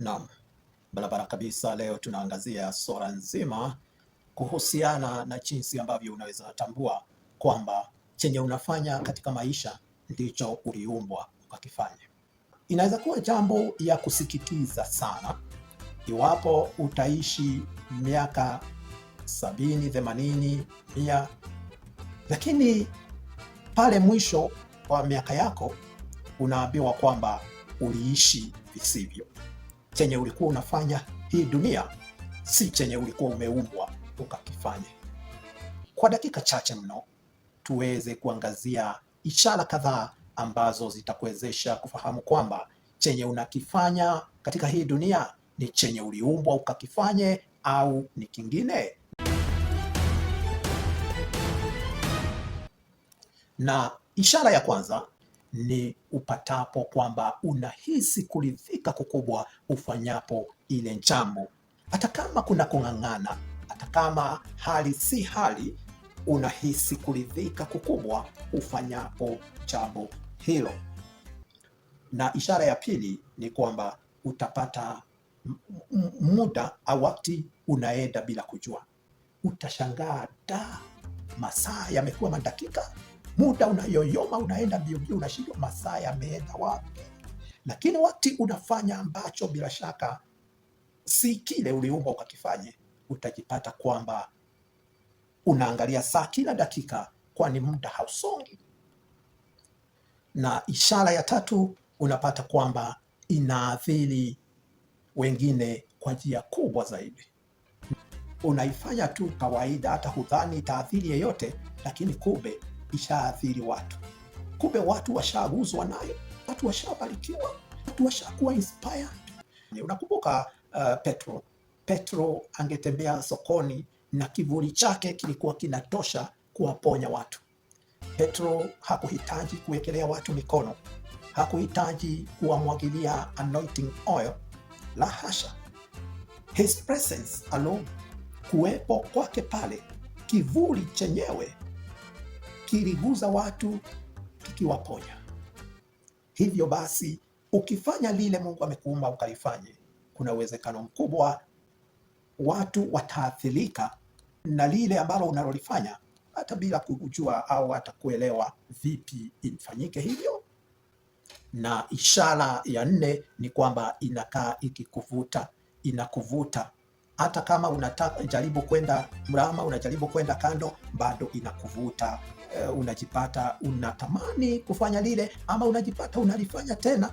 Naam, barabara kabisa. Leo tunaangazia swala nzima kuhusiana na jinsi ambavyo unaweza kutambua kwamba chenye unafanya katika maisha ndicho uliumbwa ukakifanya. Inaweza kuwa jambo ya kusikitiza sana iwapo utaishi miaka sabini, themanini, mia, lakini pale mwisho wa miaka yako unaambiwa kwamba uliishi visivyo chenye ulikuwa unafanya hii dunia si chenye ulikuwa umeumbwa ukakifanya. Kwa dakika chache mno, tuweze kuangazia ishara kadhaa ambazo zitakuwezesha kufahamu kwamba chenye unakifanya katika hii dunia ni chenye uliumbwa ukakifanye au ni kingine. Na ishara ya kwanza ni upatapo kwamba unahisi kuridhika kukubwa ufanyapo ile njambo hata kama kuna kung'ang'ana, hata kama hali si hali, unahisi kuridhika kukubwa ufanyapo jambo hilo. Na ishara ya pili ni kwamba utapata muda au wakati unaenda bila kujua, utashangaa da, masaa yamekuwa madakika muda unayoyoma, unaenda mbio mbio, unashindwa masaa yameenda wapi. Lakini wakati unafanya ambacho bila shaka si kile uliumba ukakifanye, utajipata kwamba unaangalia saa kila dakika, kwani muda hausongi. Na ishara ya tatu unapata kwamba inaathiri wengine kwa njia kubwa zaidi. Unaifanya tu kawaida, hata hudhani itaathiri yeyote, lakini kumbe ishaathiri watu. Kumbe watu washaguzwa nayo, watu washabarikiwa, watu washakuwa inspired. Unakumbuka uh, Petro Petro angetembea sokoni na kivuli chake kilikuwa kinatosha kuwaponya watu. Petro hakuhitaji kuwekelea watu mikono, hakuhitaji kuwamwagilia anointing oil, la hasha. His presence alone, kuwepo kwake pale, kivuli chenyewe kiliguza watu kikiwaponya. Hivyo basi, ukifanya lile Mungu amekuumba ukalifanye, kuna uwezekano mkubwa watu wataathirika na lile ambalo unalolifanya hata bila kujua au hata kuelewa vipi ifanyike hivyo. Na ishara ya nne ni kwamba inakaa ikikuvuta, inakuvuta hata kama unataka jaribu kwenda mrama, unajaribu kwenda kando, bado inakuvuta uh, unajipata unatamani kufanya lile ama unajipata unalifanya tena,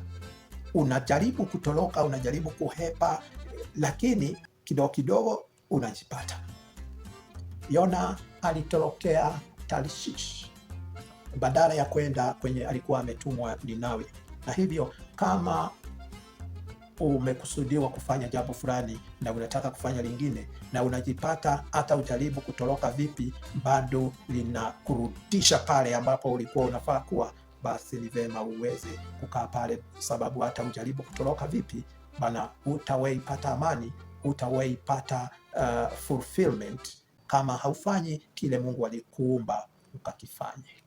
unajaribu kutoroka, unajaribu kuhepa, lakini kidogo kidogo unajipata. Yona alitorokea Tarshish badala ya kwenda kwenye alikuwa ametumwa Ninawi, na hivyo kama umekusudiwa kufanya jambo fulani na unataka kufanya lingine, na unajipata hata ujaribu kutoroka vipi, bado linakurudisha pale ambapo ulikuwa unafaa kuwa, basi ni vema uweze kukaa pale, sababu hata ujaribu kutoroka vipi bana, utaweipata amani, utaweipata uh, fulfillment kama haufanyi kile Mungu alikuumba ukakifanye.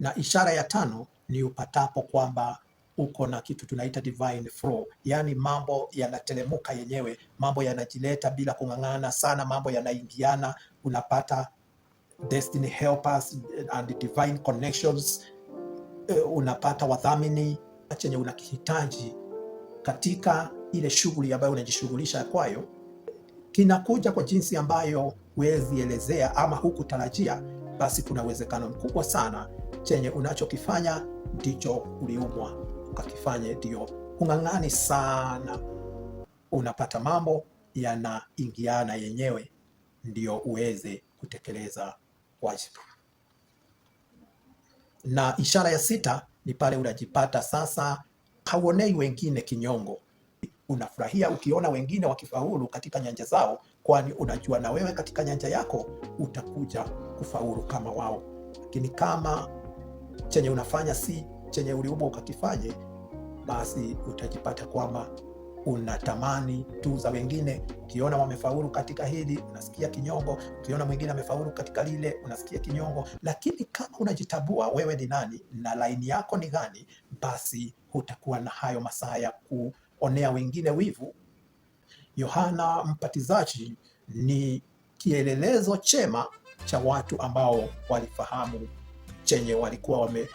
Na ishara ya tano ni upatapo kwamba uko na kitu tunaita divine flow, yaani mambo yanateremuka yenyewe, mambo yanajileta bila kung'ang'ana sana, mambo yanaingiana, unapata destiny helpers and divine connections, eh, unapata wadhamini chenye unakihitaji katika ile shughuli ambayo unajishughulisha kwayo, kinakuja kwa jinsi ambayo huwezi elezea ama hukutarajia, basi kuna uwezekano mkubwa sana chenye unachokifanya ndicho uliumwa ukakifanya ndio ung'ang'ani sana, unapata mambo yanaingiana yenyewe, ndio uweze kutekeleza wajibu. Na ishara ya sita ni pale unajipata sasa hauonei wengine kinyongo, unafurahia ukiona wengine wakifaulu katika nyanja zao, kwani unajua na wewe katika nyanja yako utakuja kufaulu kama wao. Lakini kama chenye unafanya si chenye uliumbwa ukakifanye basi utajipata kwamba unatamani tu za wengine. Ukiona wamefaulu katika hili unasikia kinyongo, ukiona mwingine amefaulu katika lile unasikia kinyongo. Lakini kama unajitabua wewe ni nani na laini yako ni gani, basi hutakuwa na hayo masaa ya kuonea wengine wivu. Yohana mpatizaji ni kielelezo chema cha watu ambao walifahamu chenye walikuwa wame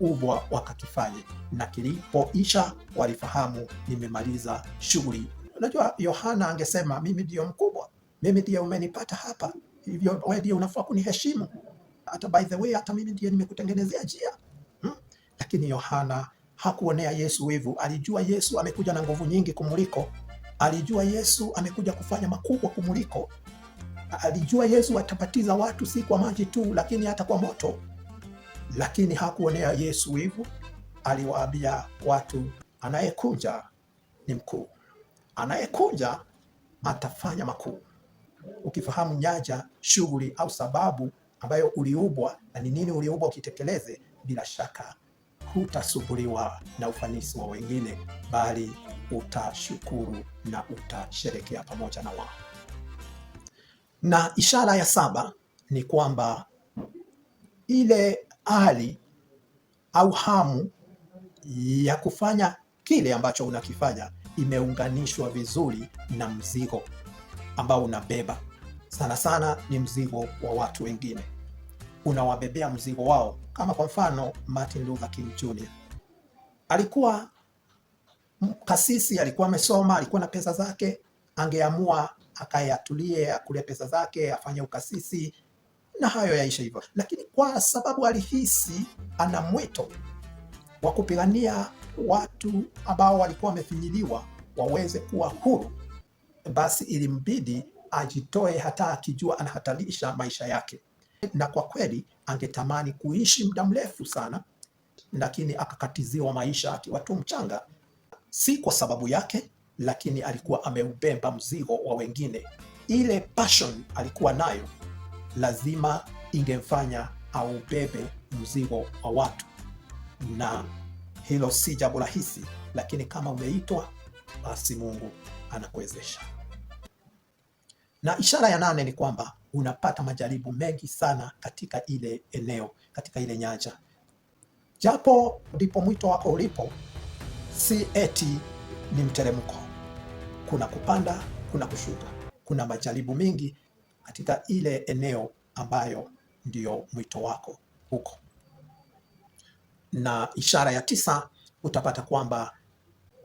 ubwa wakakifanye, na kilipoisha walifahamu nimemaliza shughuli. Unajua, Yohana angesema mimi ndiyo mkubwa, mimi ndiye umenipata hapa, hivyo we ndiye unafaa kuniheshimu, hata by the way, hata mimi ndiye nimekutengenezea njia hmm? Lakini Yohana hakuonea Yesu wivu. Alijua Yesu amekuja na nguvu nyingi kumuliko, alijua Yesu amekuja kufanya makubwa kumuliko, alijua Yesu atabatiza watu si kwa maji tu, lakini hata kwa moto lakini hakuonea Yesu wivu. Aliwaambia watu, anayekuja ni mkuu, anayekuja atafanya makuu. Ukifahamu nyaja, shughuli au sababu ambayo uliubwa na ni nini uliubwa ukitekeleze, bila shaka hutasumbuliwa na ufanisi wa wengine, bali utashukuru na utasherekea pamoja na wao. Na ishara ya saba ni kwamba ile ari au hamu ya kufanya kile ambacho unakifanya imeunganishwa vizuri na mzigo ambao unabeba. Sana sana ni mzigo wa watu wengine, unawabebea mzigo wao. Kama kwa mfano Martin Luther King Jr. alikuwa kasisi, alikuwa amesoma, alikuwa na pesa zake, angeamua akayatulie, akule pesa zake, afanye ukasisi na hayo yaisha hivyo, lakini kwa sababu alihisi ana mwito wa kupigania watu ambao walikuwa wamefinyiliwa waweze kuwa huru, basi ilimbidi ajitoe, hata akijua anahatarisha maisha yake. Na kwa kweli angetamani kuishi muda mrefu sana, lakini akakatiziwa maisha akiwa tu mchanga, si kwa sababu yake, lakini alikuwa ameubemba mzigo wa wengine. Ile passion alikuwa nayo lazima ingemfanya aubebe mzigo wa watu, na hilo si jambo rahisi, lakini kama umeitwa basi Mungu anakuwezesha. Na ishara ya nane ni kwamba unapata majaribu mengi sana katika ile eneo, katika ile nyanja. Japo ndipo mwito wako ulipo, si eti ni mteremko. Kuna kupanda, kuna kushuka, kuna majaribu mengi katika ile eneo ambayo ndiyo mwito wako huko. Na ishara ya tisa utapata kwamba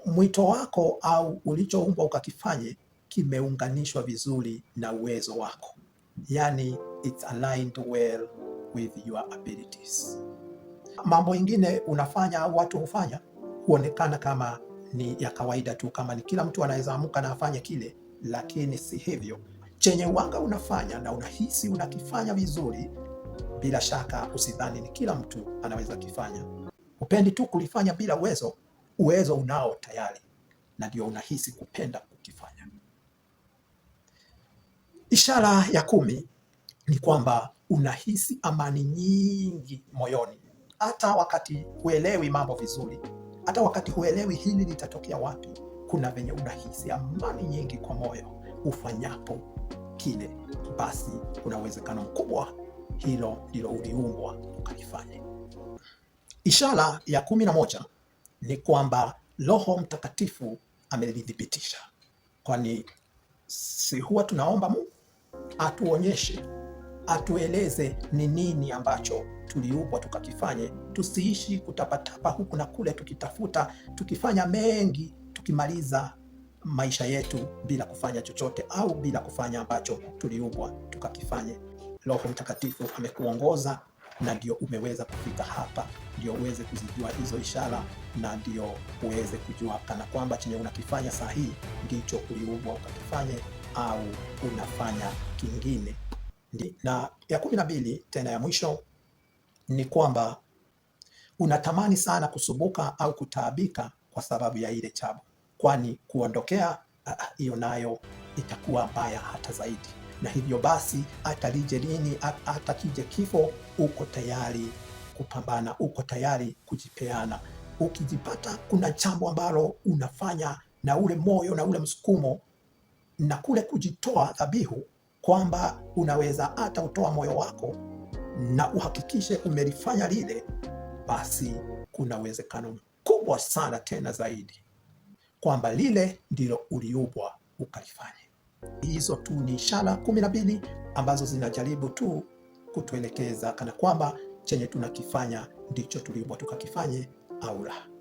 mwito wako au ulichoumbwa ukakifanye kimeunganishwa vizuri na uwezo wako, yani it's aligned well with your abilities. Mambo ingine unafanya au watu hufanya huonekana kama ni ya kawaida tu, kama ni kila mtu anaweza amuka na afanye kile, lakini si hivyo chenye uwanga unafanya na unahisi unakifanya vizuri, bila shaka usidhani ni kila mtu anaweza kifanya. Upendi tu kulifanya bila uwezo, uwezo unao tayari, na ndio unahisi kupenda kukifanya. Ishara ya kumi ni kwamba unahisi amani nyingi moyoni, hata wakati huelewi mambo vizuri, hata wakati huelewi hili litatokea wapi, kuna venye unahisi amani nyingi kwa moyo ufanyapo kile, basi kuna uwezekano mkubwa hilo ndilo uliumbwa ukalifanye. Ishara ya kumi na moja ni kwamba Roho Mtakatifu amelithibitisha, kwani si huwa tunaomba Mungu atuonyeshe, atueleze ni nini ambacho tuliumbwa tukakifanye, tusiishi kutapatapa huku na kule, tukitafuta, tukifanya mengi, tukimaliza maisha yetu bila kufanya chochote au bila kufanya ambacho tuliumbwa tukakifanye. Roho Mtakatifu amekuongoza na ndio umeweza kufika hapa, ndio uweze kuzijua hizo ishara na ndio uweze kujua kana kwamba chenye unakifanya saa hii ndicho uliumbwa ukakifanye au unafanya kingine. Ndi. Na ya kumi na mbili tena ya mwisho ni kwamba unatamani sana kusubuka au kutaabika kwa sababu ya ile chabu kwani kuondokea hiyo nayo itakuwa mbaya hata zaidi. Na hivyo basi, hata lije lini, hata kije kifo, uko tayari kupambana, uko tayari kujipeana. Ukijipata kuna jambo ambalo unafanya na ule moyo na ule msukumo na kule kujitoa dhabihu, kwamba unaweza hata utoa moyo wako na uhakikishe umelifanya lile, basi kuna uwezekano mkubwa sana tena zaidi kwamba lile ndilo uliubwa ukalifanye. Hizo tu ni ishara kumi na mbili ambazo zinajaribu tu kutuelekeza kana kwamba chenye tunakifanya ndicho tuliubwa tukakifanye au la.